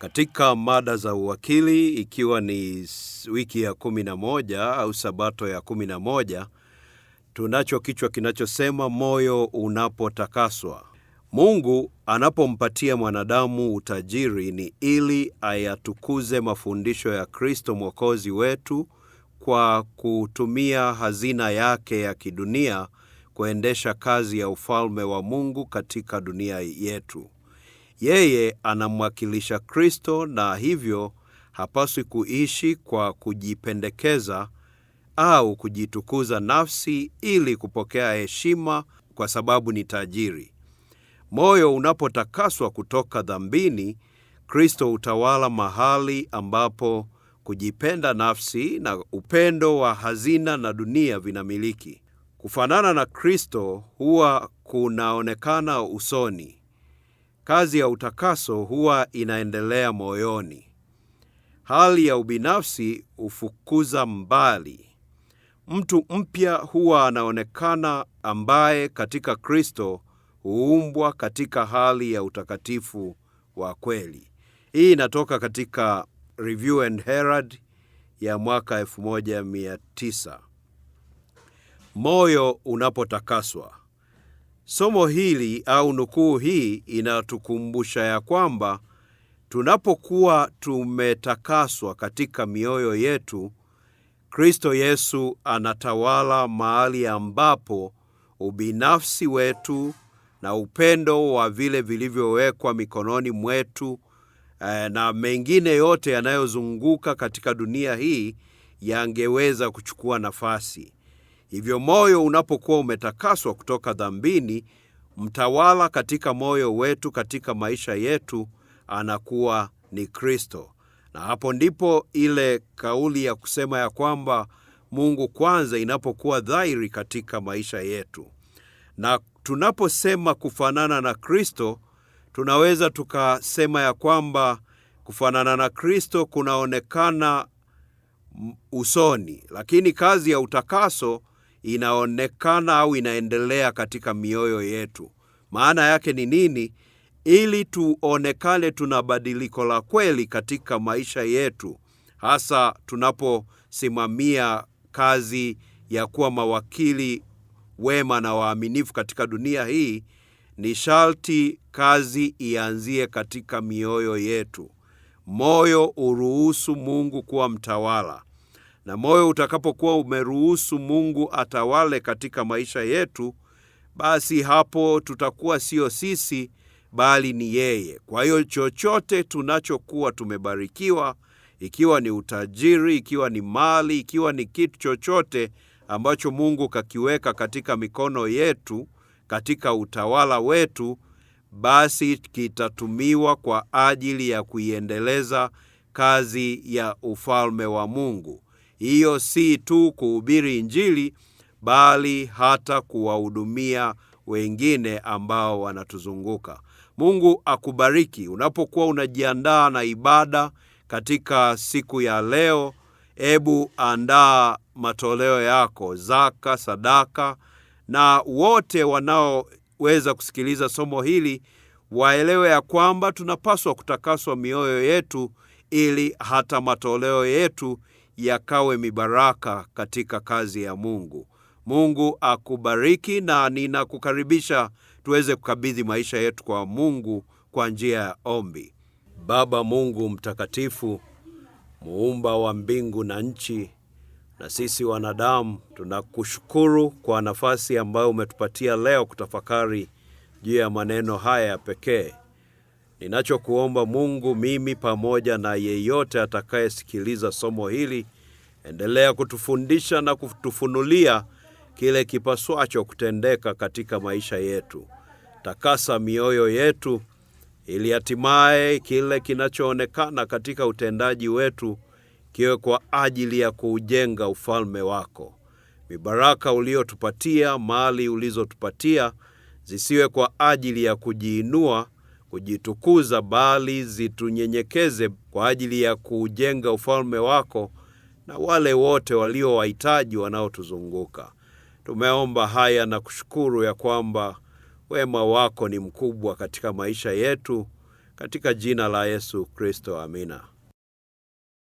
katika mada za uwakili, ikiwa ni wiki ya kumi na moja au sabato ya kumi na moja tunacho kichwa kinachosema moyo unapotakaswa. Mungu anapompatia mwanadamu utajiri ni ili ayatukuze mafundisho ya Kristo Mwokozi wetu kwa kutumia hazina yake ya kidunia kuendesha kazi ya ufalme wa Mungu katika dunia yetu. Yeye anamwakilisha Kristo na hivyo hapaswi kuishi kwa kujipendekeza au kujitukuza nafsi ili kupokea heshima kwa sababu ni tajiri. Moyo unapotakaswa kutoka dhambini, Kristo hutawala mahali ambapo kujipenda nafsi na upendo wa hazina na dunia vinamiliki. Kufanana na Kristo huwa kunaonekana usoni. Kazi ya utakaso huwa inaendelea moyoni. Hali ya ubinafsi hufukuza mbali. Mtu mpya huwa anaonekana, ambaye katika Kristo huumbwa katika hali ya utakatifu wa kweli. Hii inatoka katika Review and Herald ya mwaka 1900. Moyo unapotakaswa Somo hili au nukuu hii inatukumbusha ya kwamba tunapokuwa tumetakaswa katika mioyo yetu, Kristo Yesu anatawala mahali ambapo ubinafsi wetu na upendo wa vile vilivyowekwa mikononi mwetu eh, na mengine yote yanayozunguka katika dunia hii yangeweza kuchukua nafasi. Hivyo moyo unapokuwa umetakaswa kutoka dhambini, mtawala katika moyo wetu, katika maisha yetu, anakuwa ni Kristo. Na hapo ndipo ile kauli ya kusema ya kwamba Mungu kwanza inapokuwa dhahiri katika maisha yetu. Na tunaposema kufanana na Kristo, tunaweza tukasema ya kwamba kufanana na Kristo kunaonekana usoni, lakini kazi ya utakaso inaonekana au inaendelea katika mioyo yetu. Maana yake ni nini? Ili tuonekane tuna badiliko la kweli katika maisha yetu, hasa tunaposimamia kazi ya kuwa mawakili wema na waaminifu katika dunia hii, ni sharti kazi ianzie katika mioyo yetu. Moyo uruhusu Mungu kuwa mtawala na moyo utakapokuwa umeruhusu Mungu atawale katika maisha yetu, basi hapo tutakuwa sio sisi bali ni yeye. Kwa hiyo chochote tunachokuwa tumebarikiwa, ikiwa ni utajiri, ikiwa ni mali, ikiwa ni kitu chochote ambacho Mungu kakiweka katika mikono yetu, katika utawala wetu, basi kitatumiwa kwa ajili ya kuiendeleza kazi ya ufalme wa Mungu hiyo si tu kuhubiri Injili, bali hata kuwahudumia wengine ambao wanatuzunguka. Mungu akubariki unapokuwa unajiandaa na ibada katika siku ya leo. Hebu andaa matoleo yako, zaka, sadaka, na wote wanaoweza kusikiliza somo hili waelewe ya kwamba tunapaswa kutakaswa mioyo yetu ili hata matoleo yetu yakawe mibaraka katika kazi ya Mungu. Mungu akubariki, na ninakukaribisha tuweze kukabidhi maisha yetu kwa Mungu kwa njia ya ombi. Baba Mungu mtakatifu, muumba wa mbingu na nchi, na sisi wanadamu tunakushukuru kwa nafasi ambayo umetupatia leo kutafakari juu ya maneno haya ya pekee. Ninachokuomba Mungu, mimi pamoja na yeyote atakayesikiliza somo hili, endelea kutufundisha na kutufunulia kile kipaswacho kutendeka katika maisha yetu. Takasa mioyo yetu ili hatimaye kile kinachoonekana katika utendaji wetu kiwe kwa ajili ya kuujenga ufalme wako. Mibaraka uliotupatia, mali ulizotupatia, zisiwe kwa ajili ya kujiinua kujitukuza, bali zitunyenyekeze kwa ajili ya kuujenga ufalme wako na wale wote walio wahitaji wanaotuzunguka. Tumeomba haya na kushukuru ya kwamba wema wako ni mkubwa katika maisha yetu, katika jina la Yesu Kristo, amina.